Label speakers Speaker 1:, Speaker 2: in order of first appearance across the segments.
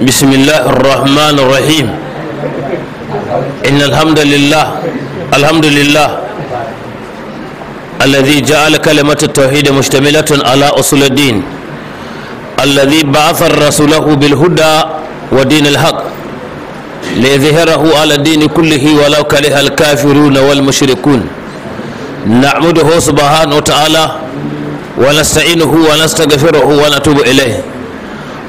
Speaker 1: بسم الله الرحمن الرحيم إن الحمد لله الحمد لله الذي جعل كلمة التوحيد مشتملة على أصول الدين الذي بعث رسوله بالهدى ودين الحق ليظهره على الدين كله ولو كره الكافرون والمشركون نعمده سبحانه وتعالى ونستعينه ونستغفره ونتوب إليه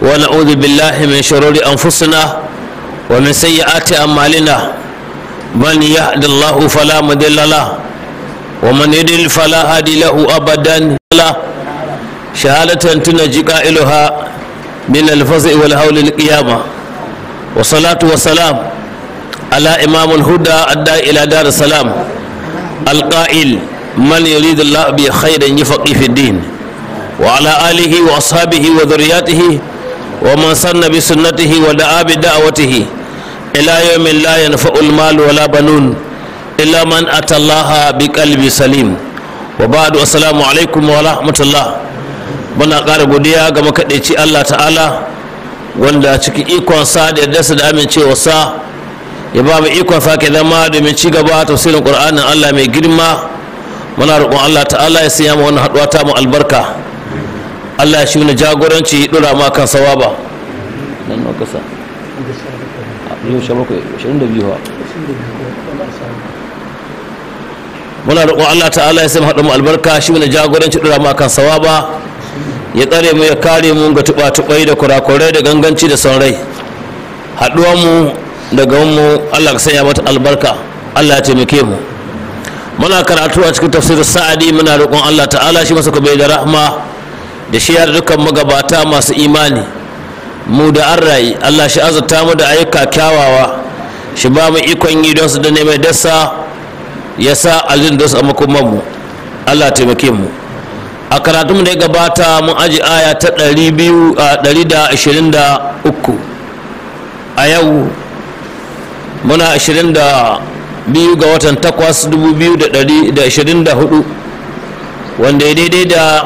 Speaker 1: ونعوذ بالله من شرور أنفسنا ومن سيئات أعمالنا من يهد الله فلا مضل له ومن يضلل فلا هادي له أبدا لا شهادة تنجي قائلها من الفزع والهول القيامة والصلاة والسلام على إمام الهدى أدى إلى دار السلام القائل من يريد الله به خيرا يفقه في الدين وعلى آله وأصحابه وذرياته ومن سن بسنته ودعا بدعوته إلى يوم لا ينفع المال ولا بنون إلا من أتى الله بقلب سليم وبعد السلام عليكم ورحمة الله muna ƙara godiya ga makaɗaici Allah ta'ala wanda cikin ikon sa da yardarsa da amincewa sa ya ba mu ikon sake zama domin ci gaba tafsirin ƙur'anin Allah mai girma muna roƙon Allah ta'ala ya siya mu wannan haɗuwa ta mu albarka Allah shi wani jagoranci dora ma kan sawa ba nan nawa kasa muna roƙon Allah ta'ala ya mu haɗa mu albarka shi wani jagoranci dora ma kan sawa ba ya tsare mu ya kare mu ga tuba-tubai da kurakurai da ganganci da son rai haɗuwar mu daga mu Allah ka sanya mata albarka Allah ya taimake mu muna karatu a cikin tafsirin sa'adi muna roƙon Allah ta'ala shi masa kuma da rahma da shi da dukkan magabata masu imani mu da an rayu allah shi azurta mu da ayyuka kyawawa shi ba mu ikon yi don su da ne mai dasa ya sa aljin da su a makomanmu allah taimake mu a karatun da ya gabata mun aji aya ta 223 a yau muna 22 ga watan 8224 wanda ya daidai da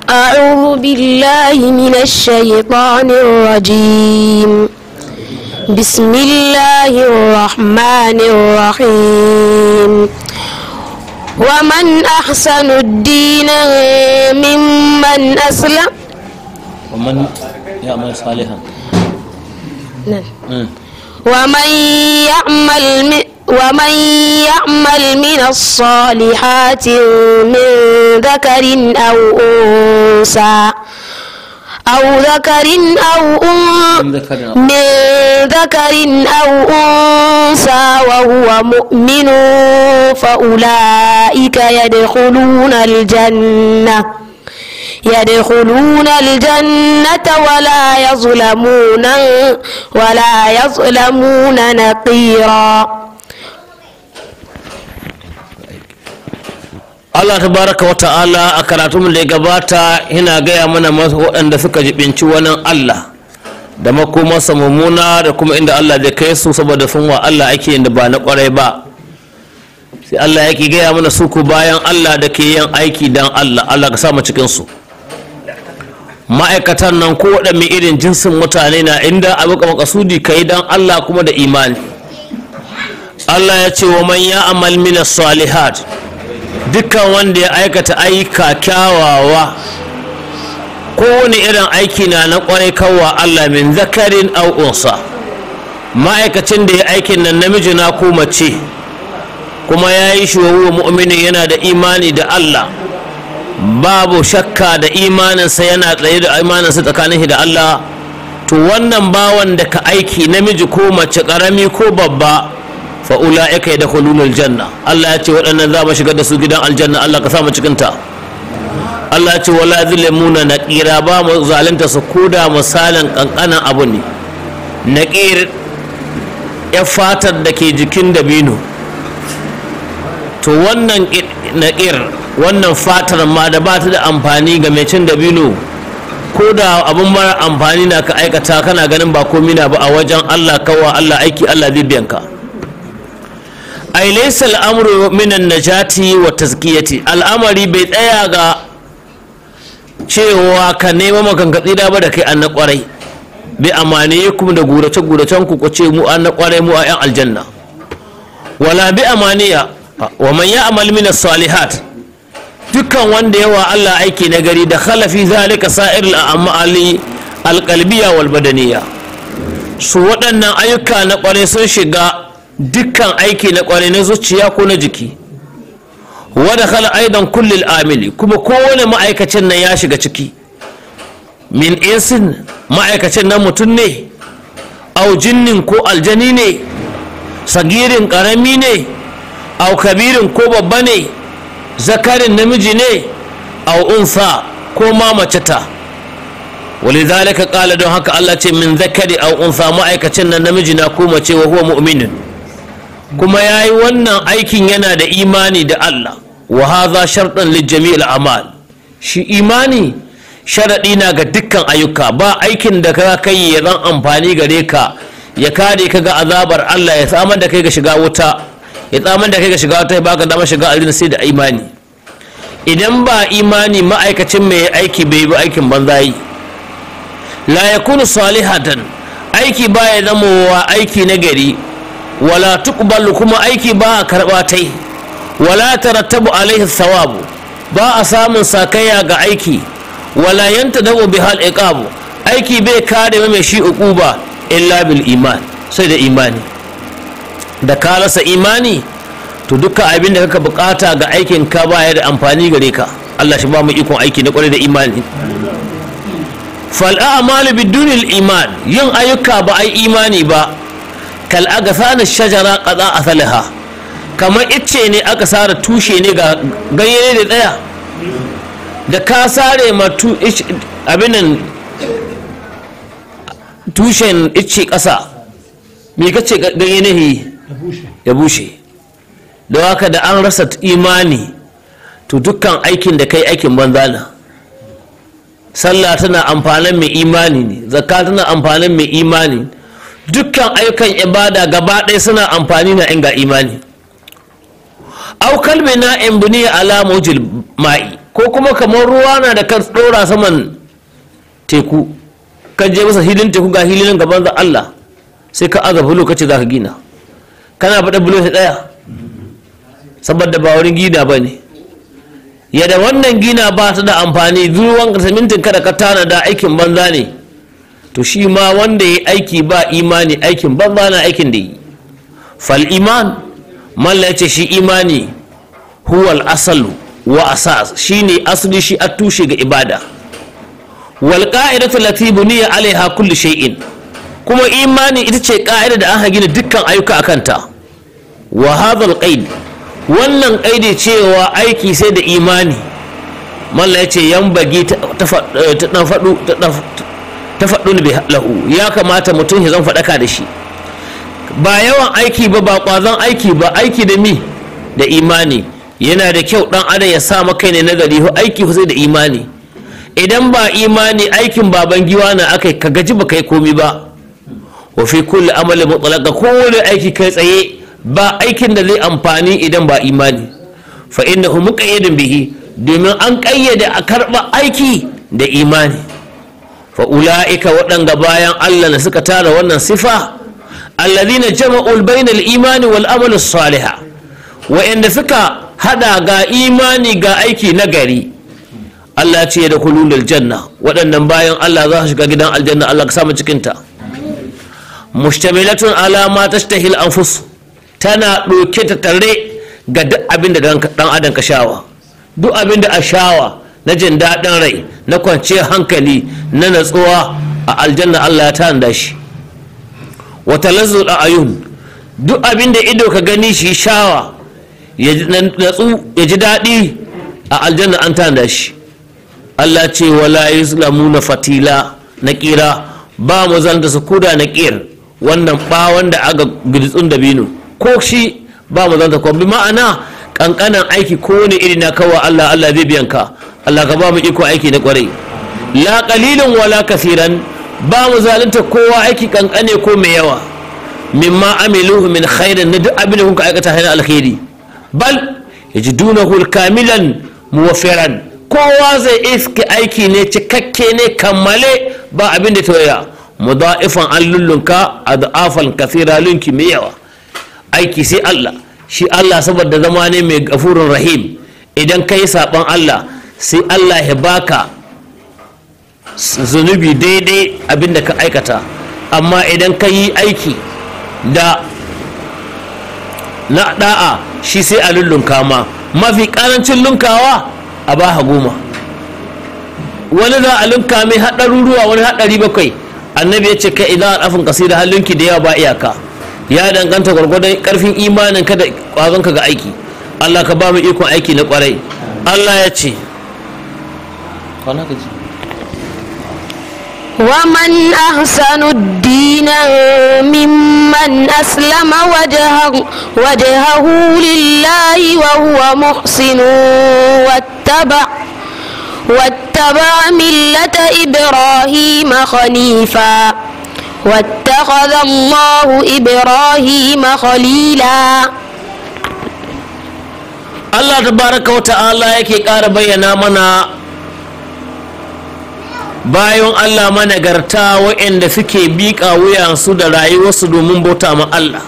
Speaker 2: أعوذ بالله من الشيطان الرجيم بسم الله الرحمن الرحيم ومن أحسن الدين ممن أسلم
Speaker 1: ومن يعمل صالحا
Speaker 2: نعم ومن يعمل ومن يعمل من الصالحات من ذكر أو أنثى أو ذكر أو أنثى من ذكر أو أنثى وهو مؤمن فأولئك يدخلون الجنة يدخلون الجنة ولا يظلمون ولا يظلمون نقيرا
Speaker 1: Allah ta baraka wa ta'ala a karatunmu da ya gabata yana gaya mana masu waɗanda suka jibinci wani Allah da makomarsa mummuna da kuma inda Allah zai kai su saboda sun wa Allah ake da ba na kwarai ba sai Allah yake gaya mana suku bayan Allah da ke yin aiki don Allah Allah ka sama cikin su ma'aikatan nan ko waɗanne irin jinsin mutane na inda abu ka makasudi ka yi don Allah kuma da imani Allah ya ce wa man ya amal minas salihat dukkan wanda ya aikata aika kyawawa kowane irin aiki na na kwarai kawwa Allah min zakarin au unsa ma'aikacin da ya aikin nan namiji na ko mace kuma ya yi shi wa mu'minin yana da imani da Allah babu shakka da imaninsa yana tsaye da imaninsa tsakanin shi da Allah to wannan bawan da ka aiki namiji ko mace karami ko babba fa ula'ika yadkhuluna aljanna Allah ya ce waɗannan za mu shigar da su gidan aljanna Allah ka sa mu cikin ta Allah ya ce wala zulmuna naqira ba mu zalunta su koda misalin kankanan abu ne naqir ya fatar da ke jikin dabino to wannan naqir wannan fatar ma da ba ta da amfani ga mai cin dabino ko da abin mara amfani na ka aikata kana ganin ba komi na ba a wajen Allah kawa Allah aiki Allah zai biyanka ai laysa minan najati wa tazkiyati al'amari bai tsaya ga cewa ka nema magangatsi da ba da kai an na kwarai bi ku da gurace guracen ku ce mu an na kwarai mu a yan aljanna wala bi amaniya wa man ya'mal min as-salihat dukkan wanda yawa Allah aiki na gari da khalafi zalika sa'ir al-amali al-qalbiyya wal badaniya? su waɗannan ayyuka na ƙwarai sun shiga dukkan aiki na ƙwarai na zuciya ko na jiki wadda kala aidan kullil amili kuma kowane ma'aikacin nan ya shiga ciki min insin ma'aikacin nan mutum ne au jinnin ko aljani ne sagirin karami ne au kabirin ko babba ne zakarin namiji ne au unsa ko ma mace ta wali zalika kala don haka Allah ce min zakari au unsa ma'aikacin nan namiji na ko mace wa huwa mu'minin kuma ya yi wannan aikin yana da imani da Allah wa haza sharɗan lijami'il amal shi imani sharaɗi na ga dukkan ayyuka ba aikin da ka kai ya zan amfani gare ka ya kare ka ga azabar Allah ya tsamar da kai ga shiga wuta ya tsamar da kai ga shiga wuta ya baka damar shiga aljanna sai da imani idan ba imani ma'aikacin mai aiki bai bi aikin banzayi la yakunu salihatan aiki ba ya zama wa aiki na gari wala tuqbalu kuma aiki ba a karɓa tai wala tarattabu alaihi sawabu ba a samun sakayya ga aiki wala yanta dawo bihal iqabu aiki bai kare mai shi uquba illa bil iman sai da imani da ka rasa imani to duka abin da kaka bukata ga aikin ka baya da amfani gare ka Allah shi ba mu ikon aiki na kware da imani fal a'malu bidunil iman yin ayyuka ba ai imani ba kal agathana shajara a athalaha kamar ice ne aka sare tushe ne ga ganye da tsaya da ka sare ma abinan tushen icce ƙasa me kace ganye ne ya bushe da haka da an rasa imani to dukkan aikin da kai aikin banza na sallah tana amfanin mai imani ne zakka tana amfanin mai imani ne dukkan ayyukan ibada gaba ɗaya suna amfani na inga imani au kalbi na imbini ala mujil ma'i ko kuma kamar ruwa na da kan ɗora saman teku kan je masa hilin teku ga hilin gaban da Allah sai ka aza bulo kace za ka gina kana faɗa bulo sai ɗaya saboda ba wurin gina ba ne yadda wannan gina ba ta da amfani zuwan ka samintin kada ka tana da aikin banza ne to shi ma wanda ya aiki ba imani aikin ban bana aikin da yi fal iman malla ya ce shi imani huwal asalu wa asas shi ne asali shi a tushe ga ibada wal ka'idatu lati buniya alaiha kulli shay'in kuma imani ita ce ka'ida da aka gina dukkan ayyuka a kanta. wa hadhal qaid wannan qaidi cewa aiki sai da imani malla ya ce yan bagi ta tafaddul bi lahu ya kamata mutum ya zan faɗaka da shi ba yawan aiki ba ba ƙwazon aiki ba aiki da mi da imani yana da kyau ɗan adam ya sa maka ne nagari aiki fa sai da imani idan ba imani aikin baban giwa na aka ka gaji ba kai komi ba wa fi kulli amalin mutlaka kowane aiki kai tsaye ba aikin da zai amfani idan ba imani fa innahu muqayyadun bihi domin an kayyade a karba aiki da imani fa ula'ika waɗanga bayan Allah na suka tara wannan sifa alladhina jama'ul bainal imani wal amal wa inda suka hada ga imani ga aiki na gari Allah ce da kululul janna waɗannan bayan Allah za su shiga gidan aljanna Allah ka samu cikin ta mushtamilatun ala ma tashtahil anfus tana ɗauke ta tare ga duk abin da dan adam ka shawa duk abinda da a shawa na jin daɗin rai na kwanciyar hankali na natsuwa a aljanna Allah ya tanda shi wata da ayun duk abin da ido ka gani shi shawa ya ji daɗi a aljanna an tanda shi Allah ce wala yuslamu na fatila na kira, ba mu zanta su kuda na kir wannan ba wanda aga gudutsun da binu ko shi ba mu zanta ko ma'ana ƙanƙanan aiki ko wani iri na kawa Allah Allah zai biyanka. Allah ka ba mu iko aiki na kwarai la qalilan wala kasiran ba mu zalunta kowa aiki kankane ko mai yawa mimma amiluhu min khairin na duk abin kuka aikata hana alkhairi bal yajidunahu kamilan muwaffiran kowa zai iske aiki ne cikakke ne kammale ba abin da toya muda'ifan allullunka adafan kasira lunki mai yawa aiki sai Allah shi Allah saboda zama ne mai gafurun rahim idan kai saban Allah sai Allah ya baka zunubi daidai abinda ka aikata amma idan ka yi aiki da na da'a shi sai a lullunka ma mafi karancin lunkawa a baha goma wani za a lunka mai haɗaruruwa wani haɗari bakwai annabi ya ce ka idan al'afin kasira halinki da yawa ba iyaka ya danganta gwargwadon ƙarfin imanin ka da kwazon ka ga aiki Allah ka ba mu ikon aiki na kwarai Allah ya ce
Speaker 2: ومن أحسن الدين ممن أسلم وجهه, وجهه لله وهو محسن واتبع واتبع ملة إبراهيم خليفا واتخذ الله إبراهيم خليلا
Speaker 1: الله تبارك وتعالى يكي قارب ينامنا bayan Allah managarta wa'anda suke biƙa wuyansu da rayuwarsu domin bauta ma Allah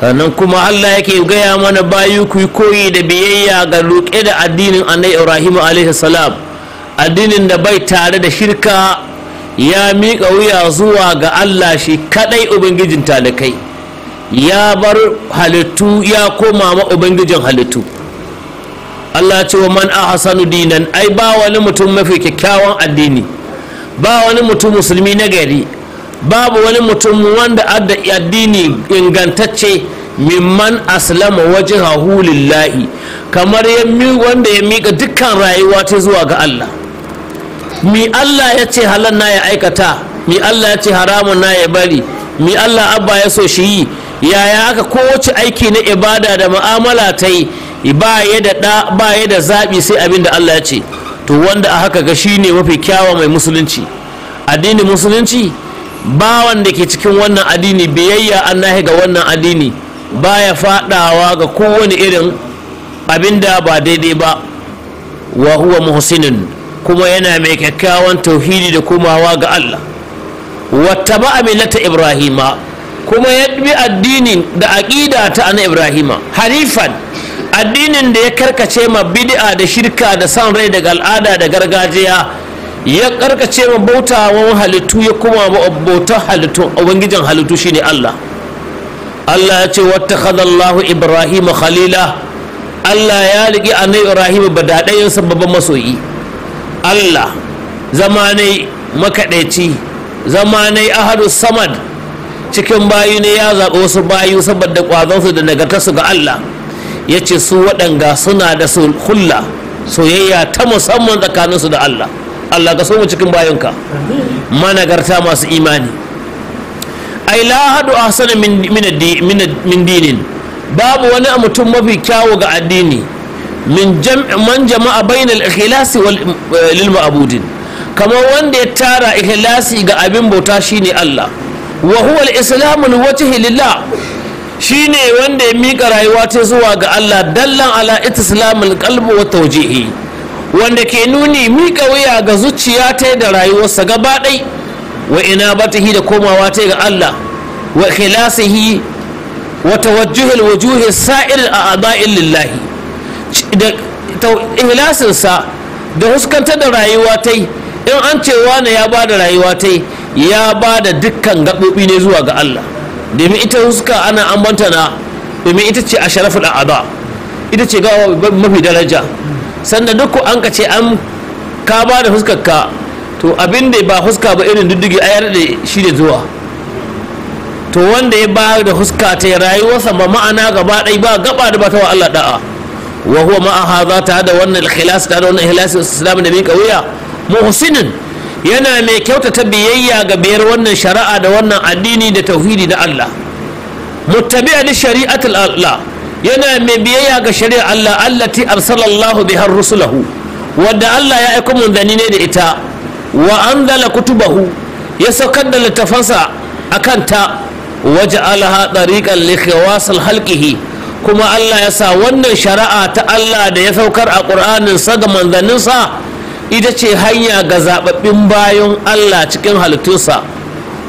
Speaker 1: sannan kuma Allah yake gaya mana bayu ku koyi da biyayya ga ruƙe da addinin annai Ibrahim alaihi salam addinin da bai tare da shirka ya mika wuya zuwa ga Allah shi kaɗai ubangijin talakai ya bar halittu ya koma ma ubangijin halittu Allah ce wa man ahsanu dinan ai ba wani mutum mafi kyakkyawan addini ba wani mutum musulmi na gari babu wani mutum wanda adda addini ingantacce man aslama wajhahu lillahi kamar wanda ya mika dukkan rayuwa ta zuwa ga Allah mi Allah ya ce halal na ya aikata mi Allah ya ce haramun na ya bari mi Allah abba ya so shi yi yaya aka kowace aiki na ibada da mu'amala ta yi ba ya da zaɓi sai abin da Allah ya ce to wanda a haka ga shine mafi kyawa mai musulunci addinin musulunci ba wanda ke cikin wannan addini biyayya annahi ga wannan addini baya fadawa ga kowane irin abin da ba daidai ba wa huwa muhsinin kuma yana mai kyakkyawan tauhidi da komawa ga Allah wata ba millata ibrahima kuma ya bi addinin da aƙida ta ana ibrahima Harifan. addinin da ya karkace ma bid'a da shirka da san rai daga al'ada da gargajiya ya karkace ma bautawan halittu ya kuma ma bautar halittu ubangijin halittu shine Allah Allah ya ce wattakhadha Allahu Ibrahim khalila Allah ya liki annabi Ibrahim badadayin babban masoyi Allah zamanai makadaici zamanai ahadu samad cikin bayu ne ya zaɓi wasu bayu saboda ƙwazonsu da nagartarsu ga Allah ya ce su waɗanga suna da su hulla soyayya ta musamman tsakaninsu da Allah Allah ka so mu cikin bayanka managarta masu imani ai la hadu ahsana min dinin babu wani mutum mafi kyawu ga addini min man jama'a bainal ikhlasi wal eh, lil ma'budin kamar wanda ya tara ikhlasi ga abin bauta shine Allah wa huwa al-islamu wajhi lillah shine wanda ya mika rayuwa ta zuwa ga Allah dallan ala itislamul qalbi wa tawjihi wanda ke nuni mika wuya ga zuciya ta da rayuwarsa gaba dai wa ina da komawa ta ga Allah wa khilasihi wa tawajjuhil wujuhi sa'ir a'da'i lillah da ihlasinsa da huskanta da rayuwa ta in an ce wani ya bada rayuwa ta ya bada dukkan gaɓoɓi ne zuwa ga Allah domin ita huska ana ambanta na domin ita ce a sharafin a'ada ita ce gawa mafi daraja sanda duk an ka ce an ka ba da huskar ka to abin da ba huska ba irin duddugi ayar da shi da zuwa to wanda ya ba da huska ta rayuwarsa ba ma'ana gaba ɗaya ba gaba da ba ta wa Allah da'a wa huwa ma'a hadha ta da wannan ikhlas ta da wannan ikhlas islam da mika wuya muhsinin yana mai kyautata biyayya ga biyar wannan shari'a da wannan addini da tauhidi da Allah muttabi li shari'atul Allah yana mai biyayya ga shari'ar Allah allati arsalallahu biha rusulahu wadda Allah ya aika munzani ne da ita wa anzala kutubahu ya saukar da littafansa akan ta waja'alaha tariqan li khawasil halqihi kuma Allah ya sa wannan shari'a ta Allah da ya saukar a Qur'anin sa ga manzanninsa ita ce hanya ga zababbin bayan Allah cikin halittunsa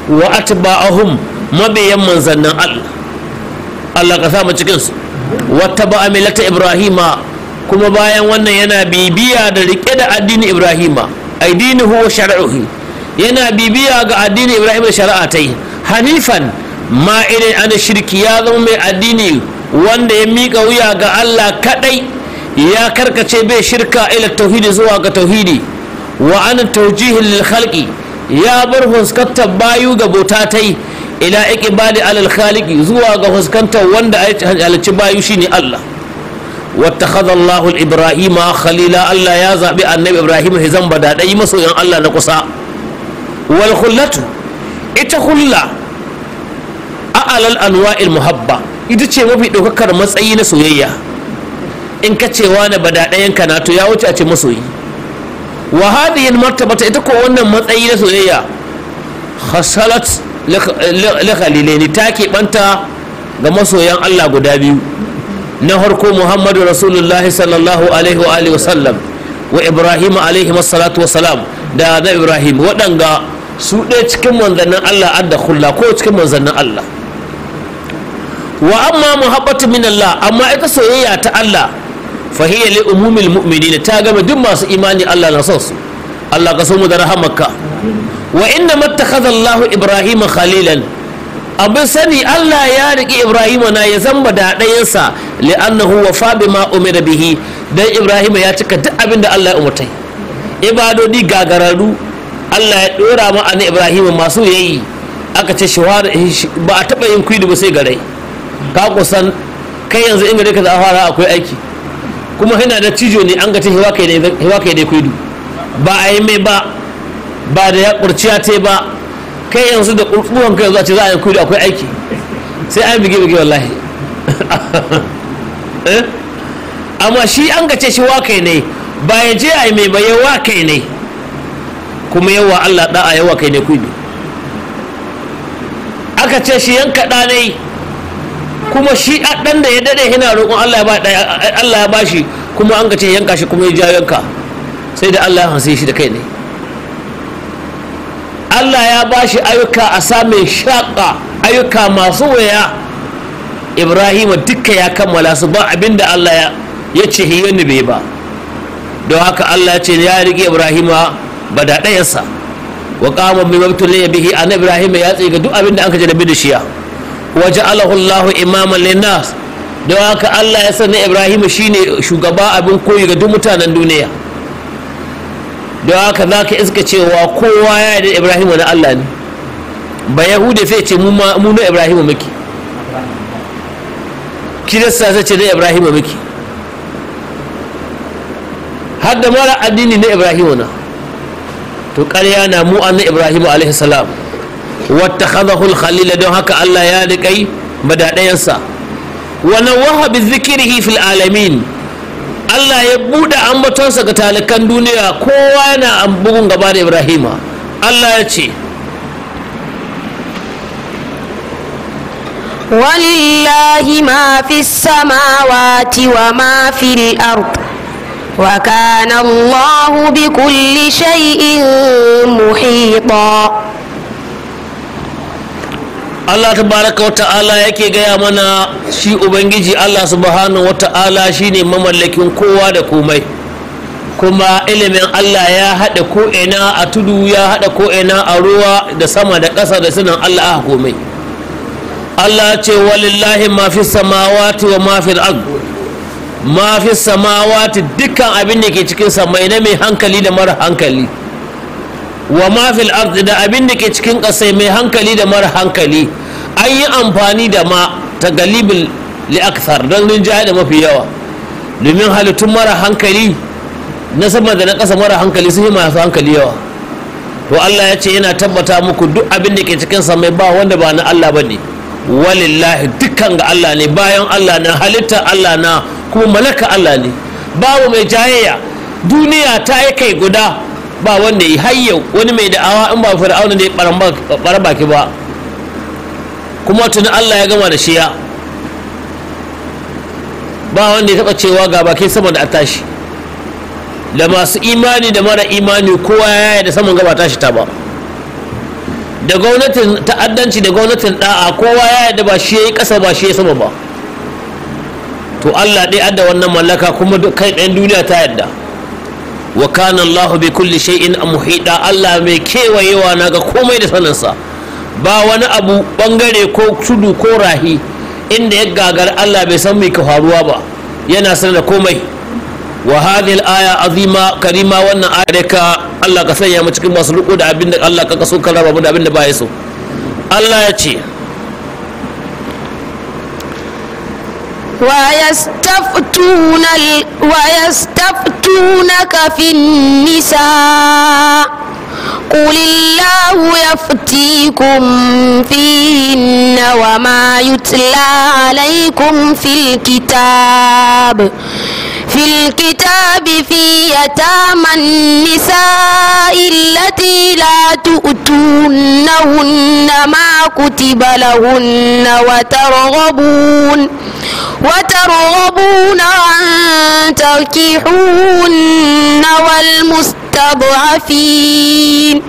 Speaker 1: wa atba'ahum mabiyan manzannin Allah Allah ka sa mu cikin su wata ba milata Ibrahima kuma bayan wannan yana bibiya da rike da addini Ibrahima addini huwa shar'uhi yana bibiya ga addini ibrahima da shari'a ta yi hanifan ma irin an shirki ya zama mai addini wanda ya mika wuya ga Allah kadai ya karkace bai shirka ila tauhidi zuwa ga tauhidi wa an taujihin lil ya bar huskantar bayu ga botatai ila iqbali alal khaliqi zuwa ga huskantar wanda halicci bayu shine Allah haza Allahu ibrahima khalila Allah ya zaɓi annabi Ibrahim yi maso yan Allah na kusa wal khullatu ita a a'lal anwa'il muhabba ita ce mafi ɗaukakar matsayi na soyayya in ka ce wani bada ɗayan kana to ya wuce a ce masoyi wa hadhihi martabata ita ko wannan matsayi na soyayya khasalat li khalilaini ta banta ga masoyan Allah guda biyu na harko Muhammadu Rasulullahi sallallahu alaihi wa alihi wasallam wa Ibrahim alaihi masalatu wasalam da na Ibrahim waɗanga su ɗaya cikin manzannin Allah adda kulla ko cikin manzannin Allah wa amma muhabbatu min Allah amma ita soyayya ta Allah fahiya li umumil mu'minin ta gama duk masu imani Allah na son su Allah ka so mu da rahamarka wa inna mattakhadha Allahu Ibrahim khalilan abin sani Allah ya riki Ibrahim na ya zamba da ɗayansa li annahu wafa bima umira bihi dan Ibrahim ya cika duk abin da Allah ya umurtai ibadodi gagararru Allah ya dora ma an Ibrahim masu yayi aka ce ba a taba yin kuidu ba sai garai ka kusan kai yanzu in gare ka za a fara akwai aiki kuma yana da cijo ne an ga ta hewa kai da kuidu ba a yi mai ba ba da ya kurciya ta ba kai yanzu da kurkuwan kai zuwa ce za a yi kuidu akwai aiki sai an bige bige wallahi eh? amma shi an gace shi wa kai ne ba ya je a yi mai ba ya wa kai ne kuma yawa Allah da'a yawa kai ne kuidu aka ce shi yanka ɗanai kuma shi ɗan da ya daɗe yana roƙon Allah ya bashi kuma an ce yanka shi kuma ya ja yanka sai da Allah ya hansi shi da kai ne Allah ya bashi ayyuka a samun shaƙa ayyuka masu waya Ibrahim duka ya kammala su ba abinda Allah ya ce hiyonni bai ba don haka Allah ya ce ya rike Ibrahim ba da ɗayansa wa ƙamon mai mabtulai bihi an Ibrahim ya tsaye ga duk da an kaje jarabi da shiya waje alahullahu imaman linnas da haka allah ya sani ibrahim shine shugaba abin koyi ga duk mutanen duniya da haka za ka iska cewa kowa ya yi ibrahim wani allah ne ba yahuda sai ce mu na ibrahim miki kirista sai ce na ibrahim miki har da mara addini na ibrahim na to kariya na mu'an na ibrahim alaihi salam wattakhadahu al-khalila don haka Allah ya riƙai madadayansa wa nawaha bi dhikrihi fil alamin Allah ya buɗe ambatonsa ga talikan duniya kowa yana bugun gaba da Ibrahima Allah ya ce ولله ما في السماوات
Speaker 2: وما في الأرض وكان الله بكل
Speaker 1: شيء محيطا Allah tabaraka wa ta'ala yake gaya mana shi ubangiji Allah subhanahu wa ta'ala shine mamallakin kowa da komai kuma ilimin Allah ya haɗa ko'ina a tudu ya haɗa ko'ina a ruwa da sama da ƙasa da sunan Allah a komai Allah ce walillahi mafi samawati wa mafi mafi samawati dukkan abin da ke cikin samai na mai hankali da mara hankali wa mafi da abin da ke cikin ƙasai mai hankali da mara hankali an yi amfani da ma ta galibin li'aksar don rinjaya da mafi yawa domin halittun mara hankali na sama da na ƙasa mara hankali sun yi masu hankali yawa to Allah ya ce yana tabbata muku duk abin da ke cikin samai ba wanda ba na Allah ba ne walillahi dukkan ga Allah ne bayan Allah na halitta Allah na kuma malaka Allah ne babu mai jayayya duniya ta yi kai guda ba wanda yi hayyau wani mai da'awa in ba fir'auna da ya baki ba kuma tuni Allah ya gama da shiya ba wanda ya taba cewa ga bakin sama da tashi da masu imani da mara imani kowa ya yaya da saman gaba tashi ta ba da gwamnatin ta'addanci da gwamnatin da'a kowa ya yaya da ba shi ya yi ƙasa ba shi ya sama ba to Allah dai adda wannan mallaka kuma kai ɗayan duniya ta yadda wa kana Allahu bi kulli shay'in muhida Allah mai kewayewa na ga komai da saninsa ba wani abu bangare ko tudu ko rahi inda ya gagar Allah bai san mai ka faruwa ba yana sanar da komai wa hadhihi aya azima karima wannan aya ka Allah ka sanya mu cikin masu riko da abinda Allah ka kaso ka raba mu da ba ya so Allah ya ce
Speaker 2: Wa yastaftuna ka في nisa? قل الله يفتيكم فيهن وما يتلى عليكم في الكتاب في الكتاب في يتامى النساء التي لا تؤتونهن ما كتب لهن وترغبون وترغبون أن تركحون والمستضعفين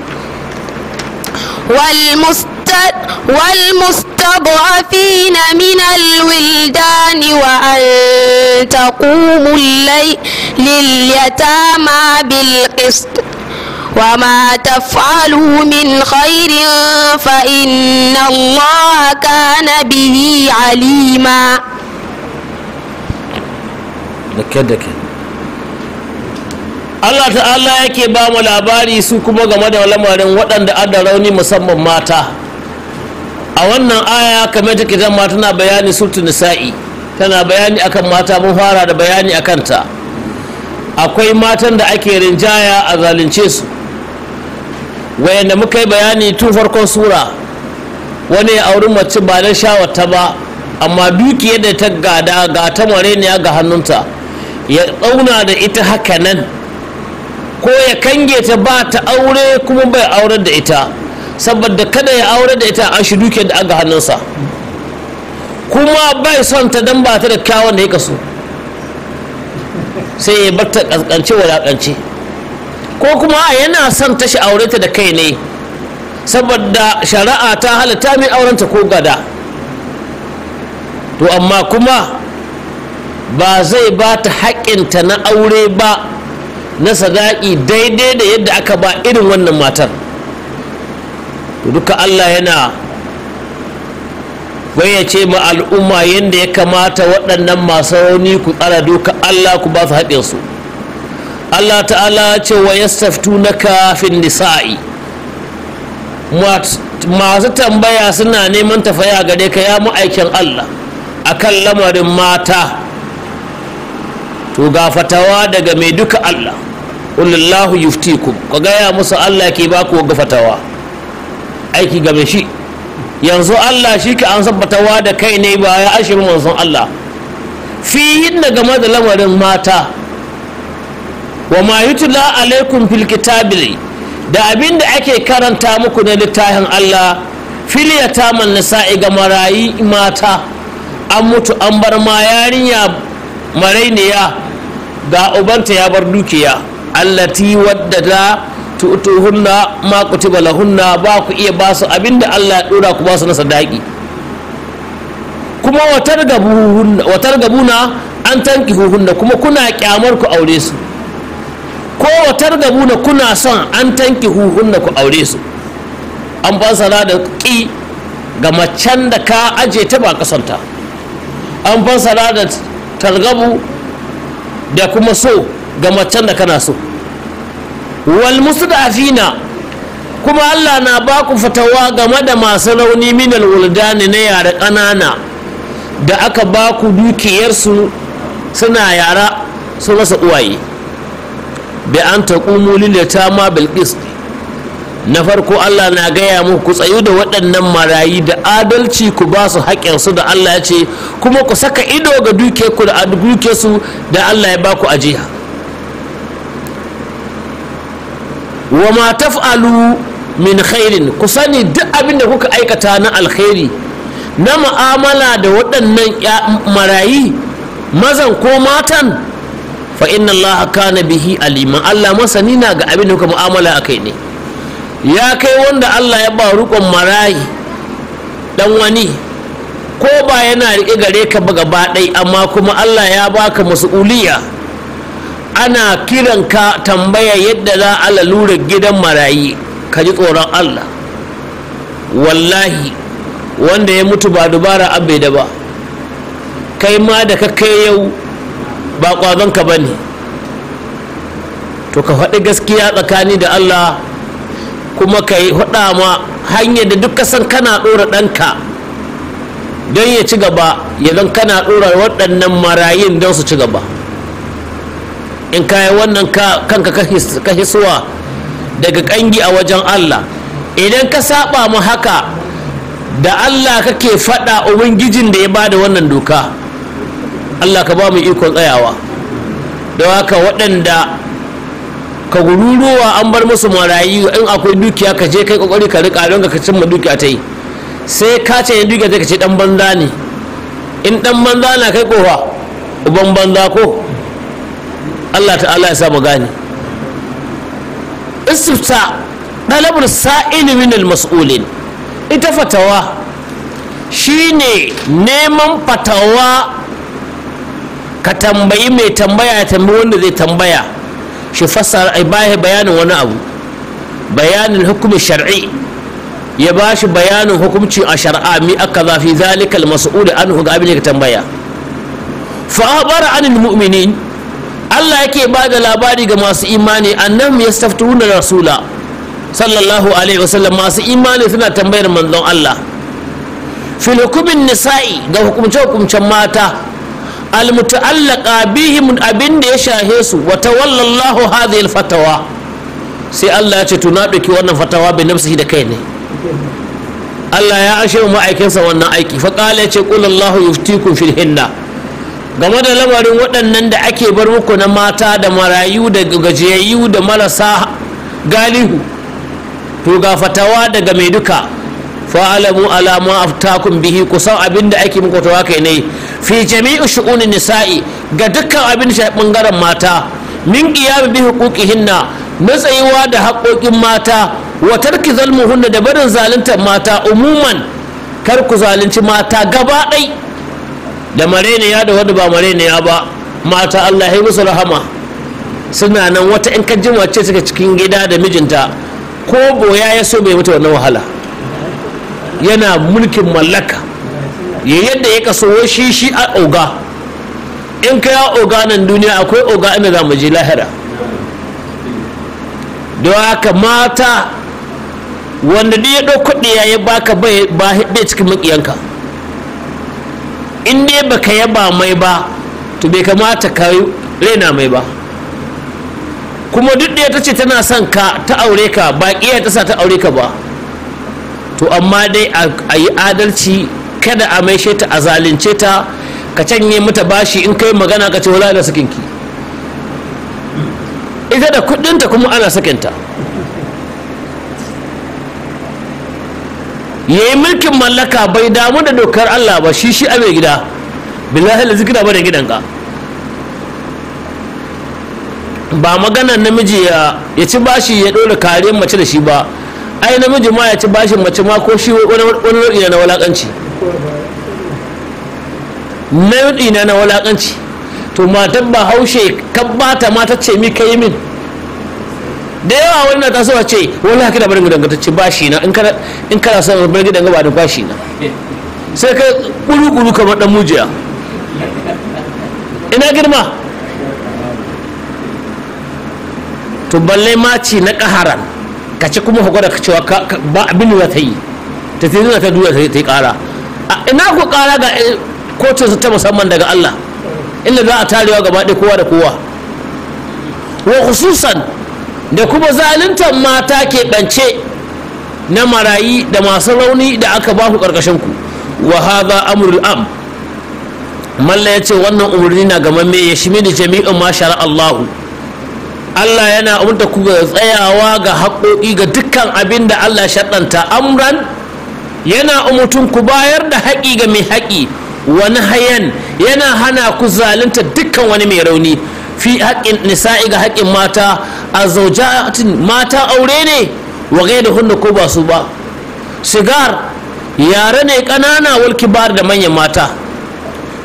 Speaker 2: والمست والمستضعفين من الولدان وأن تقوموا الليل لليتامى بالقسط وما تفعلوا من خير فإن الله كان به عليما
Speaker 1: دكة دكة Allah ta'ala yake ba mu labari su kuma game da lamarin waɗanda ada rauni musamman mata a wannan aya kamar take zan ma tana bayani sultu nisa'i tana bayani akan mata mun fara da bayani akan ta akwai matan da ake rinjaya a zalunce su wayanda muka yi bayani tun farkon sura wani ya auri mace ba na shawarta ba amma dukiyar da ta gada ga tamare ne ga hannunta ya tsauna da ita haka nan ko ya kange ta ba ta aure kuma bai aurar da ita saboda kada ya aure da ita an shi duke da aga hannunsa kuma bai son ta dan ba ta da kyawun da ya kaso sai ya bar ta kaskance wadatsance ko kuma yana son ta shi aure ta da kai ne saboda shari'a ta halatta mai aurenta ko gada to amma kuma ba zai ba ta haƙƙinta na aure ba na sadaki daidai da yadda aka ba irin wannan matar to duka allah yana bayyace ma al'umma yadda ya kamata waɗannan masu rauni ku tsara duka allah ku ba su haƙinsu allah ta'ala ce wa yastaftu na kafin nisa'i masu tambaya suna neman tafaya gare ka ya ma'aikin allah A kan lamarin mata to ga fatawa daga mai duka allah ulillahu yuftikum ku gaya musu Allah ke ba ku fatawa aiki game shi yanzu Allah shi ka an wa da kai ne ba ya ashirin manzon Allah fi da game da lamarin mata wa ma yutula alaikum fil kitabil da abin da ake karanta muku na littafin Allah fil yataman nisa'i ga marayi mata an mutu an bar ma yarinya marainiya ga ubanta ya bar dukiya allati wadda ta tutuhunna ma kutiba lahunna ba ku iya ba su abinda Allah ya dora ku ba su na sadaki kuma watar gabuna an tanki huhunna kuma kuna kyamar ku aure su ko watar gabuna kuna son an tanki huhunna ku aure su an ba sana da ki ga macen da ka aje ta ba kasanta an fasara da targabu da kuma so ga macen da kana so wal mustadafina kuma Allah na ba ku fatawa game da masu rauni minal wuldani na yara ƙanana da aka ba ku dukiyarsu suna yara su rasa uwaye bi an taqumu lil yatama bil qist na farko Allah na gaya muku ku tsayu da waɗannan marayi da adalci ku ba su haƙƙinsu da Allah ya ce kuma ku saka ido ga dukiyarku da dukiyarsu da Allah ya ba ku ajiya wa ma taf'alu min khairin ku sani duk abin da kuka aikata na alkhairi na mu'amala da waɗannan marayi mazan ko matan fa inna Allah kana bihi alima allah masani na ga abin da kuka mu'amala akai ne ya kai wanda allah ya ba rukon marayi dan wani ko ba yana rike gare ka ba gaba ɗai amma kuma allah ya baka mas'uliya ana kiran ka tambaya yadda za a lalurar gidan marayi ka ji tsoron allah wallahi wanda ya mutu ba dubara abai da ba kai ma da ka kai yau ba kwazonka ba ne to ka faɗi gaskiya tsakani da allah kuma ka yi faɗa ma hanyar da duk san kana ɗora ɗanka don ya ci gaba ya zan kana ɗora waɗannan marayin don su ci gaba in kaya wannan kanka ka hisuwa daga kangi a wajen Allah idan ka saba mu haka da Allah kake faɗa ubangijin da ya bada wannan doka Allah ka ba mu ikon tsayawa da haka waɗanda ka gururuwa an bar musu marayu in akwai dukiya ka je kai kokari ka rika don ka cimma dukiya ta yi sai ka ce dukiya ta ka ce dan banza ne in dan banza na kai kowa uban banza ko Allah ta'ala ya samu gane istifta ɗalibar sa'ili min mas'ulin ita fatawa shine neman fatawa ka tambayi mai tambaya ya tambayi wanda zai tambaya shi fassara ya bayanin wani abu bayanin hukumin shar'i ya ba shi bayanin hukumcin a shar'a mi aka zafi zalikal mas'ul anhu ga ka tambaya fa abara anil mu'minin Allah yake ba da labari ga masu imani annahum yastafturuna rasula sallallahu alaihi wasallam masu imani suna tambayar manzon Allah fil nisa'i ga hukumce hukumcen mata almuta'allaqa bihim abin da ya shahe su wa tawallallahu hadhihi fatawa sai Allah ya ce to na dauki wannan fatawa bai nafsihi da kai ne Allah ya ashe mu ma'aikinsa wannan aiki fa qala ya ce qul Allahu yuftikum fil hinna game da lamarin waɗannan da ake bar muku na mata da marayu da gajiyayyu da marasa galihu to ga fatawa daga mai duka fa'alamu alama takun bihi kusan abin da ake muku tawa kai ne fi jami'u shu'unin nisa'i ga dukkan abin da bangaren mata min qiyam bi huquqihinna na da haƙoƙin mata wa tarki zalmuhunna da barin zaluntar mata umuman kar ku zalunci mata gaba ɗaya da mareniya da wadda ba mareniya ba mata Allah ya yi musu rahama suna nan wata in ka jima ce suka cikin gida da mijinta ko boya ya so bai mata wannan wahala yana mulkin mallaka ya yadda ya kaso shi shi a oga in ka ya oga nan duniya akwai oga inda za mu je lahira don haka mata wanda duk ya ɗau kuɗi ya yi baka bai cikin makiyanka? in dai baka yaba mai ba to bai kamata ka raina mai ba kuma duk da ta ce tana son ka ta aure ka ba iya ta sa ta aure ka ba to amma dai a yi adalci kada a mai ta a zalunce ta ka canye mata bashi in kai magana ka ce wala da sakinki ita da kuɗinta kuma ana sakinta ya yi mulkin mallaka bai damu da dokar Allah ba shi shi a mai gida billahi da zikira ba da gidanka ba magana namiji ya ci bashi ya ɗora kariyar mace da shi ba ai namiji ma ya ci bashin mace ma ko shi wani nau'i na walakanci nau'i na walakanci to matan ba haushe kan bata mata ce mi ka yi min da yawa wani na so ce wani haka da barin dangantaccen bashi na in kana son barin gidan gaba da bashi na sai ka kuru-kuru kamar dan mujiya ina girma to balle maci na kaharan ka ci kuma hukura ka cewa ba abin da ta yi ta tiri ta duya ta yi kara ina ku kara ga eh, kotun ta musamman daga Allah inda za a tarewa gaba ɗaya kowa da kowa wa khususan da kuma zaluntar mata ke keɓance na marayi da masu rauni da aka ba ku ƙarƙashinku wa haza amrul am malla ya ce wannan umarni na gama me ya shimi da jami'in mashara Allahu Allah yana umarta ku ga tsayawa ga haƙoƙi ga dukkan abin da Allah shaɗanta amran yana umutun ku bayar da haƙi ga mai haƙi wani hayan yana hana ku zalunta dukkan wani mai rauni fi haƙin nisa'i ga haƙƙin mata a azaujatin mata aure ne wa da hunna ko ba su ba sigar yare ne kanana walki ba da manyan mata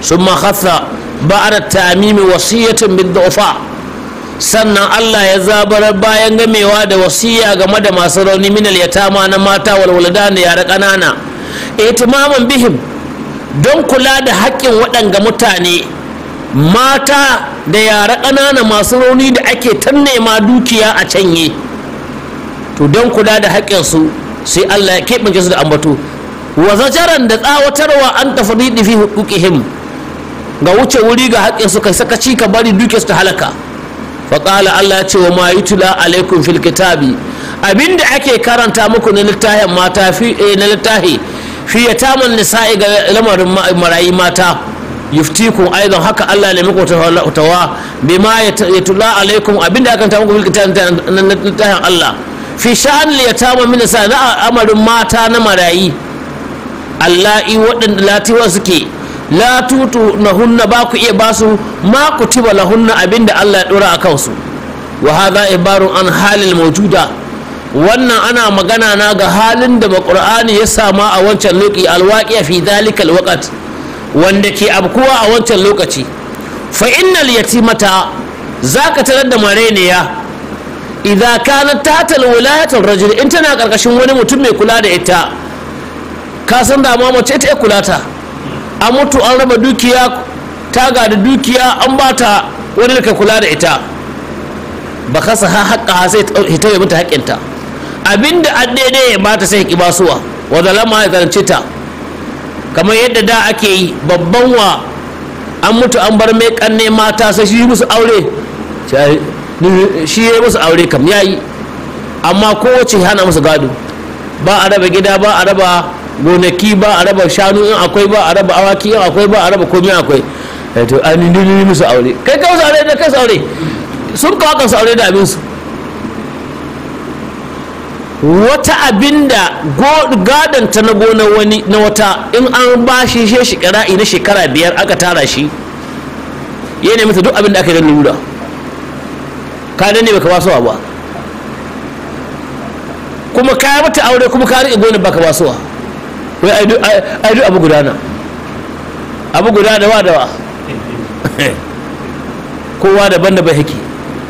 Speaker 1: sun ma a da tamimi wasiyyatin bin da'ufa sannan Allah ya zabarar bayan gamewa da wasiya game da masu rauni minal ma na mata walwalada da yare ƙanana itimamin bihim don kula da haƙƙin waɗanga mutane mata da yara ƙanana masu rauni da ake tanne ma dukiya a canye to don kula da haƙƙinsu sai allah ya keɓance su da ambato wa zajaran da tsawatarwa an tafarriɗi fi hukukihim ga wuce wuri ga haƙƙinsu kai sakaci ka bari su ta halaka faƙala allah ya ce wa ma tula, alaikum fil kitabi da ake karanta muku na littafin mata fi eh, na littafi fi nisa'i ga lamarin marayi mata yuftikum aidan haka Allah ne muku tawa bima yatula alaikum abinda aka ta muku bilkitan tahan Allah fi sha'an li yatama min sa na amarin mata na marayi Allah i waɗanda latiwa suke la tutu na hunna ba ku iya basu ma ku kutiba lahunna abinda Allah ya dora akan su wa hadha ibarun an halil mawjuda wannan ana magana na ga halin da Qur'ani ya sama a wancan lokaci alwaqi fi dhalika alwaqt wanda ke abkuwa a wancan lokaci fa innal yatimata ka tarar da marainiya ka na tatal wilayatul rajul in tana karkashin wani mutum mai kula da ita ka san da ma mace ta kula ta a mutu an raba dukiya ta ga da dukiya an bata wani da ka kula da ita ba ka ha haƙƙa sai ta yi mata haƙƙinta abinda an daidai ya bata sai ki basuwa wa zalama ya zalunce ta kamar yadda da ake yi babban wa an mutu an bar mai kanne mata sai shi musu aure shi ya musu aure kam yi amma kowace hana musu gado ba a raba gida ba a raba gonaki ba a raba shanu in akwai ba a raba awaki in akwai ba a raba komi akwai eh to an yi musu aure kai ka musu aure da kai aure sun kawo kan aure da abin su wata abinda gadanta na gona wani na wata in an ba shi shi shekara'i na shekara biyar aka tara shi ya nemi ta duk abinda aka yi don lura ka ne baka basuwa ba kuma ka mata aure kuma ka riƙe gonar baka basuwa wai ai duk abu gudana abu gudana wa dawa kowa daban da bai haki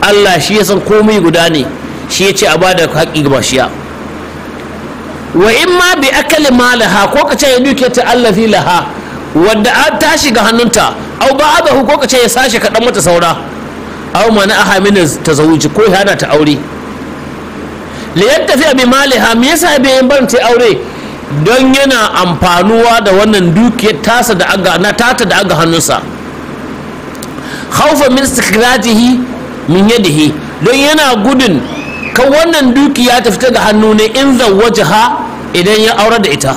Speaker 1: Allah shi ya san komai guda ne shi ya ce a ba da haƙi ga mashiya wa in ma bi akali malaha ko ka ce ya duke ta allafi laha wadda an ta ga hannunta au ba a ko ka ce ya sashi kaɗan mata saura au ma na aha mini ta zauji ko hana ta aure liyan tafiya bi malaha me yasa bai yin aure don yana amfanuwa da wannan dukiyar tasa da aga na tata da aga hannunsa khawfa min istikrajihi min yadihi don yana gudun kan wannan dukiya ta fita da hannu ne in ha idan ya aure da ita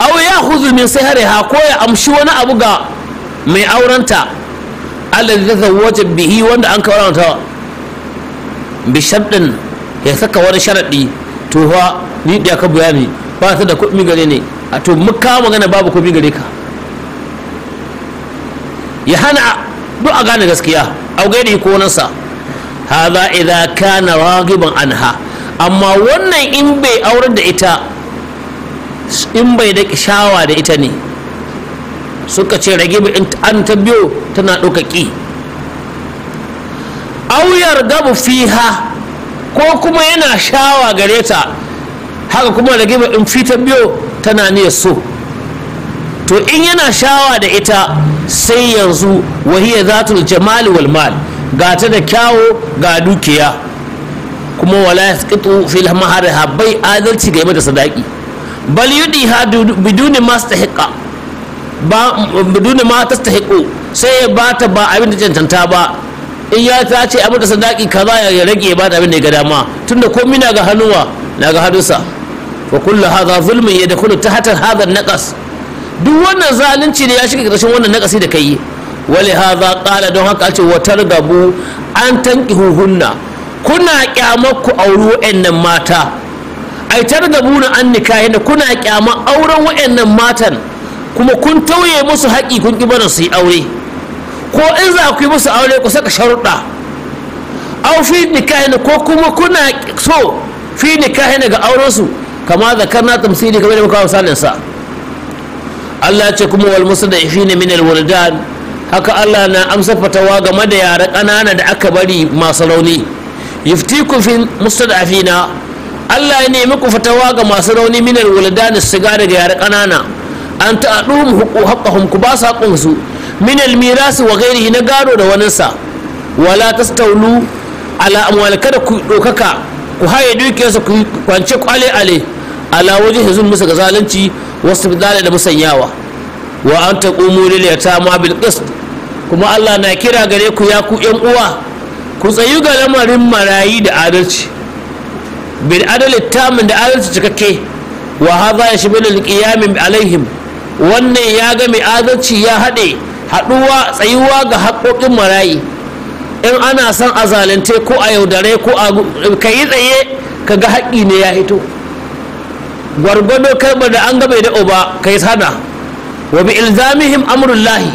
Speaker 1: auya ya huzu min ha ko ya amshi wani abu ga mai aurenta zan waje bihi wanda an kawara ta bi ya saka wani sharaɗi. to fa ni da ka bayani ba ta da kuɗi gare ne a to muka magana babu kuɗi gare ka ya hana duk a gane gaskiya Auge gaida ko hadha idza kana raghiban anha amma wannan in bai aurar da ita in bai da shawa da ita ne suka ce ragibu in an ta biyo tana ɗauka ƙi auyar gabu fiha ko kuma yana shawa gare ta haka kuma ragibu in fi ta biyo tana niyyar so to in yana shawa da ita sai yanzu wahiyar zatul jamali wal mal ga ta da kyawo ga dukiya kuma wala ya yasqitu fil mahariha bai adalci ga da sadaki bal ha biduni ma stahiqa ba biduni ma tastahiqu sai ya bata ba abin da cancanta ba in ya ta ce abin da sadaki kaza ya rage ba abin da ya ga dama tunda komai na ga hannuwa na ga hadusa wa kullu hadha zulmun yadkhulu tahta hadha an-naqas duk wannan zalunci ne ya shiga ƙarshen wannan naƙasi da kai wali haza kala don haka ce watar gabu an tanki hunna kuna kyamar ku auri wa'annan mata ai targabu na an nikahin kuna kyamar auren wa'annan matan kuma kun tauye musu haƙi kun ƙi barin su yi aure ko in za ku yi musu aure ku saka sharuɗa au fi nikahin ko kuma kuna so fi nikahin ga auren su kama zakarna tamsili kamar da muka misalin sa Allah ya ce kuma wal musu da ifina min al haka Allah na amsa fatawa game da yara ƙanana da aka bari masu rauni yuftiku fi mustad'afina Allah ya nemi ku fatawa ga masu rauni minar na siga daga yara ƙanana an ta'adum huqu haqqahum ku ba su haƙƙin su wa gairihi na gado da waninsa wala ta tastaulu ala kada ku dokaka ku haye dukiyarsa ku kwance kwale ale ala wajen hizun musu ga zalunci wasu da musanyawa wa an taqumu lil yatama bil kuma Allah na kira gare ku ya ku yan uwa ku tsayu ga lamarin marayi da adalci bil adali tamin da adalci cikakke wa ya yashmilu al qiyam alaihim wannan ya ga mai adalci ya haɗe haɗuwa tsayuwa ga haƙoƙin marayi in ana son a zalunce ko a yaudare ko a ka yi tsaye ka ga haƙƙi ne ya hito gwargwado kai da an gaba da uba ka yi sana wa bi ilzamihim amrullahi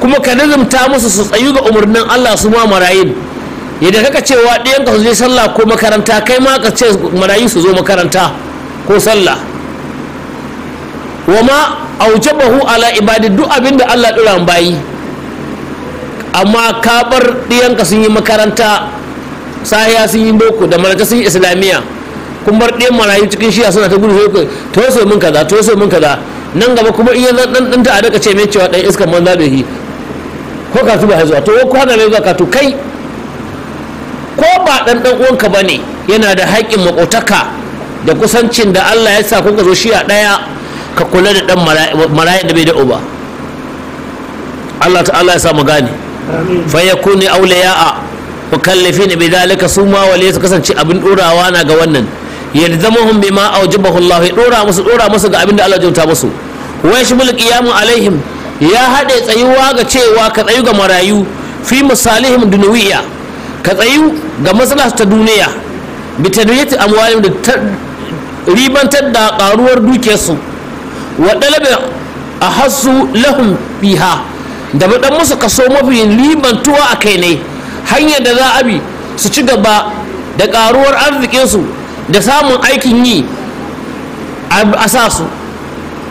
Speaker 1: kuma ka nazumta musu su tsayu ga umarnin Allah su ma marayin yadda kaka cewa ɗiyanka su je sallah ko makaranta kai ma ka ce marayu su zo makaranta ko sallah wa ma aujabahu ala ibadi duk abin da Allah ɗora bayi amma ka bar ɗiyanka sun yi makaranta sahiya sun yi boko da malaka sun yi islamiyya kun bar ɗiyan marayu cikin shiya suna ta gudu to so mun kaza to so mun kaza nan gaba kuma iya dan dan ta adaka ce mai cewa dan iskan manza da hi ko ka tuba hazuwa to ko haka mai zuwa ka to kai ko ba dan dan ba bane yana da haƙƙin makotaka da kusancin da Allah ya sa ka zo shi a daya ka kula da dan marayin da bai da uba Allah ta'ala ya sa mu gane fa yakuni awliya'a mukallifin bi dalika suma wale su kasance abin ɗorawa na ga wannan yalzamuhum bima awjabahu Allah ya dora musu dora musu ga abinda ala Allah jauta musu wa yashmul qiyamu alaihim ya hade tsayuwa ga cewa ka tsayu ga marayu fi musalihim dunawiya ka tsayu ga maslahat ta duniya bi tadwiyati amwalihim da ribantar da karuwar dukiyarsu wa dalabi ahassu lahum biha da dan musu kaso mafi ribantuwa a kai ne hanyar da za a bi su ci gaba da karuwar arzikinsu da samun aikin yi a sa su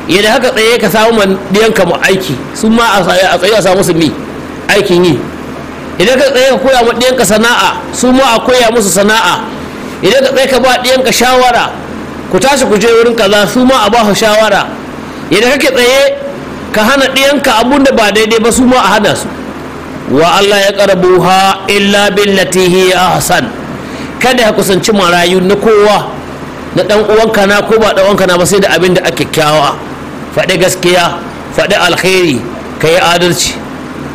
Speaker 1: yadda haka tsaye ka samu ɗiyanka mu aiki sun ma a tsaye a samu su mi aikin yi idan ka tsaye ka koya ma ɗiyanka sana'a su ma a koya musu sana'a idan ka tsaye ka ba ɗiyanka shawara ku tashi ku je wurin kaza su ma a ba su shawara idan kake tsaye ka hana ɗiyanka abun da ba daidai ba su ma a hana su wa Allah ya karabu ha illa billati hi ahsan kada ka kusanci marayu na kowa na dan uwanka na ko ba dan uwanka na ba sai da abin da ake kyawa faɗi gaskiya faɗi alkhairi ka yi adalci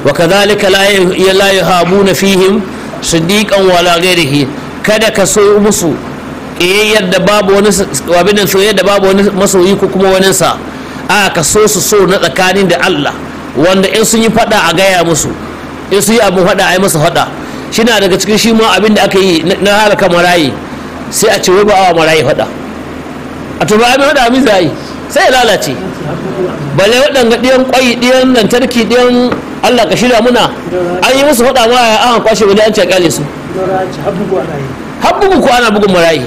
Speaker 1: wa kadhalika la yahabuna fihim Sidiqan wala ghairihi kada ka so musu ƙiyayyar da babu wani abin so yadda babu wani masoyi ko kuma wani sa a ka so su so na tsakanin da Allah wanda in sun yi faɗa a gaya musu in sun yi abin faɗa a yi musu faɗa shi na daga cikin shi ma abin da aka yi na halaka marayi sai a ce wai ba a marayi faɗa a to ba abin faɗa abin yi sai ya lalace bale waɗanda ɗiyan ƙwai ɗiyan lantarki ɗiyan allah ka shirya muna an yi musu faɗa ma ya an kwashe wani an ce ƙyale su habbugu ko ana bugun marayi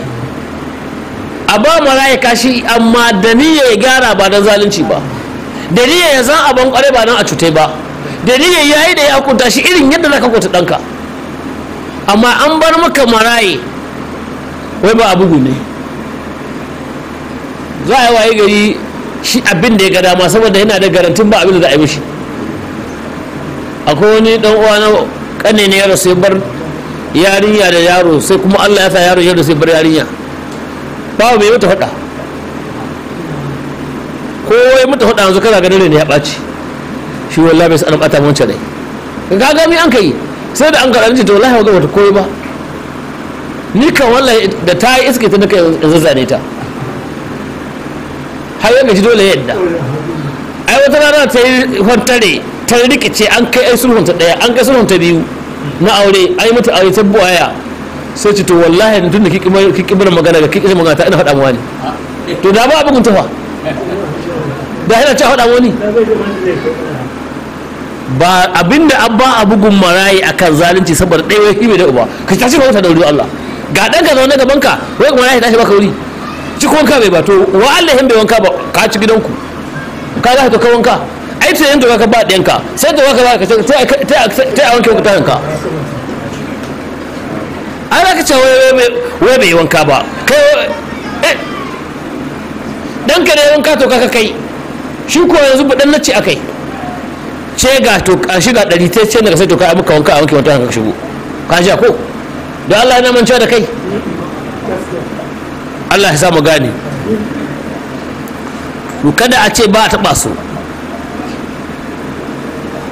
Speaker 1: a ba marayi kashi amma da niyya ya gyara ba don zalunci ba da niyya ya zan abin ƙware ba don a cutai ba da niyya ya yi da ya hukunta shi irin yadda za ka kwata ɗanka amma an bar maka maraye wai ba abu ne za a yi waye gari shi abin da ya ga dama saboda yana da garantin ba abin da za a yi mishi akwai wani dan uwa na kane ne yaro sai bar yarinya da yaro sai kuma Allah ya sa yaro yaro sai bar yarinya bawa bai mata faɗa ko wai mata faɗa yanzu kana ganin ne ya ɓaci shi wallahi bai sanar ɓata wancan dai ga gami an kai sai da an kaɗa ce to wallahi ga wata koyi ba ni kan wallahi da ta yi iske ta nika zazzane ta har yanga shi dole yadda ai wata rana ta yi hantare ta rikice an kai ai sulhun ta daya an kai sulhun ta biyu na aure ai mata aure ta buwaya sai ce to wallahi tun da kiki bar magana ga kiki magana ta ina faɗa mu wani to da ba abin kun tafa da hana ce faɗa mu wani ba abinda an ba a bugun marayi kan zalunci saboda ɗaya wai hibe da uba ka tashi ba wata da wuri Allah ga ɗan ka zaune gaban ka wai kuma ya tashi baka wuri cikin wanka bai ba to wa Allah hin bai wanka ba ka ci gidanku ka za ka ka wanka ai to yanzu ka ba ɗayan ka sai da waka ka ta a wanke wuta ka an ka ce wai bai wanka ba kai dan eh, ka ne wanka to kaka kai shi ko yanzu ba dan a kai? ce ga to kashi ga ɗari ta ce daga sai to kai abuka wanka a wanke wata hankali shigo ka sha ko da Allah yana mancewa da kai Allah ya sa mu gane kada a ce ba a taɓa su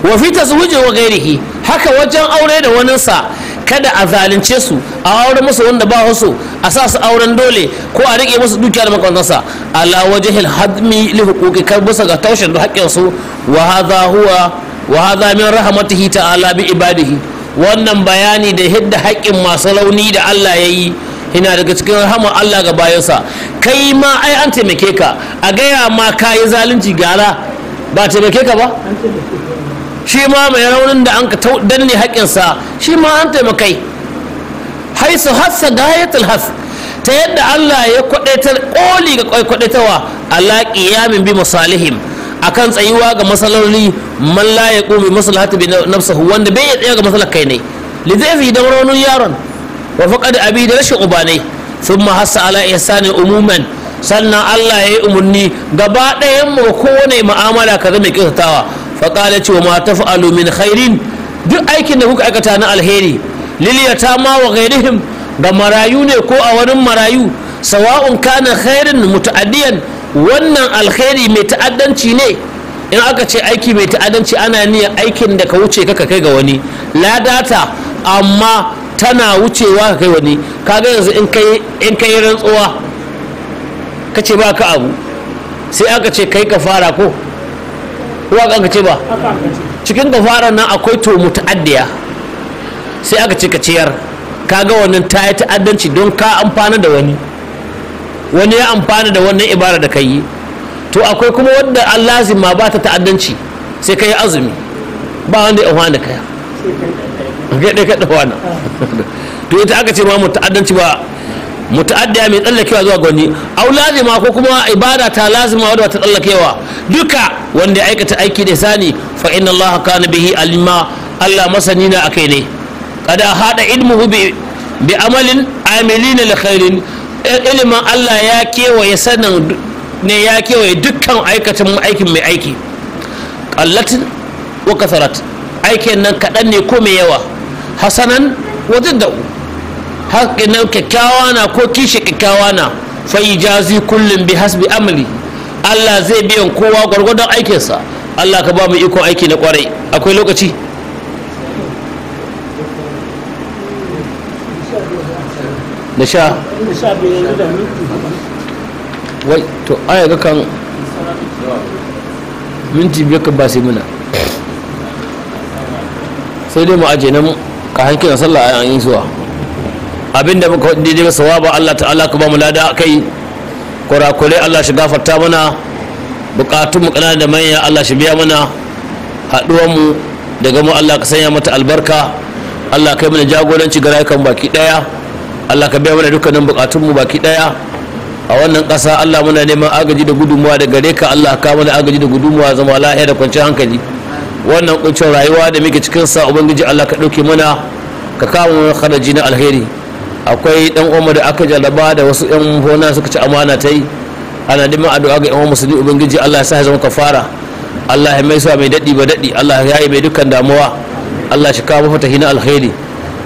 Speaker 1: wa fi tazwiji wa gairihi haka wajen aure da waninsa kada a zalunce su a aure musu wanda ba wasu a sa su auren dole ko a rike musu dukiya da makwantarsa ala wajhil hadmi li huquqi kar bisa ga taushin da haƙƙin su wa hadha huwa wa hadha min rahmatihi ta'ala bi ibadihi wannan bayani da hidda haƙƙin masu launi da Allah yayi ina daga cikin rahamar Allah ga bayansa kai ma ai an taimake ka a gaya ma kayi zalunci gara ba taimake ka ba shi ma mai raunin da an ka danne haƙinsa shi ma an taimakai haisu hassa gayatul has ta yadda Allah ya kwadaitar koli ga kwadaitawa ala qiyamin bi masalihim akan tsayuwa ga masaloli man la yaqum bi maslahati nafsihi wanda bai tsaya ga masalar kai ne fi da raunin yaron wa faqad abi da rashin ubanai thumma hassa ala ihsani umuman sannan Allah ya yi umarni gaba ɗayan mu kowane mu'amala ka zama kyautatawa faƙala ce wa mata taf'alu min khairin duk aikin da kuka aikata na alheri liliya ta ma wa gairihim ga marayu ne ko a wani marayu sawa'un kana khairin muta'addiyan wannan alheri mai ta'addanci ne in aka ce aiki mai ta'addanci ana niyyar aikin da ka wuce ka kai ga wani ladata amma tana wucewa ka kai wani kaga yanzu in ka yi rantsuwa ka ce ba ka abu sai aka ce kai ka fara ko ko aka ce ba cikin gafarar nan akwai to ta'addiya sai aka ce ka ciyar ka ga wannan ta yi ta'addanci don ka amfana da wani wani ya amfana da wannan ibara da ka yi to akwai kuma wadda Allah ma ba ta ta'addanci sai ka yi azumi ba wanda ya amfana da kaya ga ɗaya ka ɗawa to ita aka ce ma mu ta'addanci ba muta'addiya mai tsallakewa zuwa gwani au lazima ko kuma ibada ta lazima wadda ta tsallakewa duka wanda ya aikata aiki da sani fa inna Allah kana bihi alima Allah masani na akai ne kada hada ilmuhu bi bi amalin amilina li khairin ilimin Allah ya kewaye sanin ne ya kewaye dukkan mu aikin mai aiki qallatin wa kasarat aikin nan kadan ne ko mai yawa hasanan wa haƙƙi na kyakkyawa na ko kishe kyakkyawa na fa jazi kullum bi hasbi amali Allah zai biyan kowa gwargwadon aikinsa Allah ka ba mu ikon aiki na kwarai akwai lokaci da sha wai to aya ga kan minti biyu ka ba sai muna sai dai mu aje nan ka hankin sallah a yin zuwa abinda muka wadda daidai ba Allah ta'ala ka ba mu lada kai kurakurai Allah shi gafarta mana bukatun mu kana da manya Allah shi biya mana haduwar mu daga mu Allah ka sanya mata albarka Allah kai mana jagoranci ga rayukan baki daya Allah ka biya mana dukkanin bukatun mu baki daya a wannan ƙasa Allah muna neman agaji da gudunmuwa da gare ka Allah ka mana agaji da gudunmuwa zama lahiya da kwanciyar hankali wannan kuncin rayuwa da muke cikin sa ubangiji Allah ka ɗauke mana ka kawo mana kharaji na alheri akwai dan umar da aka jalaba da wasu yan hona suka ci amana ta yi ana neman addu'a ga yan musulmi ubangiji Allah ya sa zama kafara Allah ya mai sa mai dadi ba dadi Allah ya yi mai dukkan damuwa Allah shi kawo mafata hina alkhairi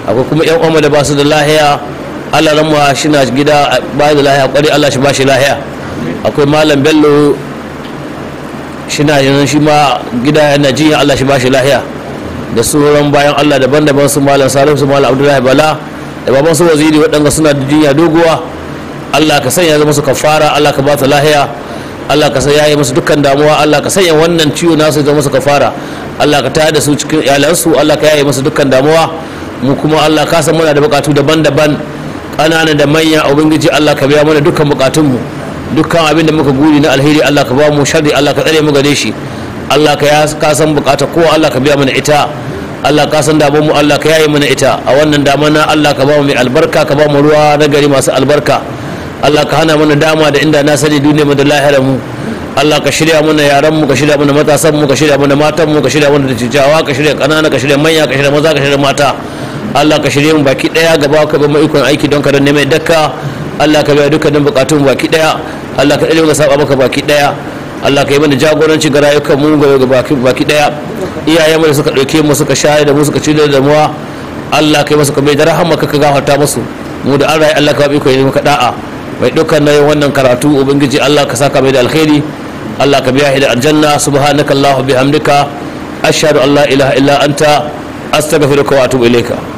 Speaker 1: akwai kuma yan umar da ba su da lahiya Allah ramu shi na gida ba da lahiya kwari Allah shi ba shi lahiya akwai malam bello shi na yanzu shi ma gida yana jiya Allah shi ba shi lahiya da sauran bayan Allah daban-daban su malam salihu su malam abdullahi bala da baban su waziri waɗanda suna da duniya doguwa Allah ka sanya zama su kafara Allah ka ba ta lahiya Allah ka sanya ya musu dukkan damuwa Allah ka sanya wannan ciwo nasu zama su kafara Allah ka tayar da su cikin iyalansu Allah ka yaye musu dukkan damuwa mu kuma Allah ka san muna da bukatu daban-daban ƙanana da manya ubangiji Allah ka biya mana dukkan bukatunmu dukkan abin da muka guri na alheri Allah ka ba mu sharri Allah ka tsare mu gare shi Allah ka ya ka san bukata kowa Allah ka biya mana ita Allah ka san damar mu Allah ka yaye mana ita a wannan na Allah ka ba mu mai albarka ka ba mu ruwa na gari masu albarka Allah ka hana mana dama da inda na sani duniya mu da lahira mu Allah ka shirya mana yaran mu ka shirya mana matasan mu ka shirya mana matan mu ka shirya mana dattijawa ka shirya kanana ka shirya manya ka shirya maza ka shirya mata Allah ka shirya mu baki daya gaba ka ba mu ikon aiki don ka don neman dakka Allah ka biya dukkan bukatun baki daya Allah ka dale mu saba maka baki daya Allah ka yi mana jagoranci ga rayukan mu ga baki daya iyayen mu suka dauke mu suka shayar da mu suka cire da muwa Allah ka yi masa kamar da rahama ka gafarta musu mu da arai Allah ka iko yi maka da'a mai dukkan nayin wannan karatu ubangiji Allah ka saka mai da alkhairi Allah ka biya da aljanna allah bihamdika ashhadu an la ilaha illa anta astaghfiruka wa atubu ilayka